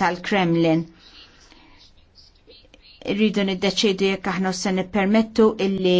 tal-Kremlin. Rridu niddeċidu jekk aħna se nippermettu illi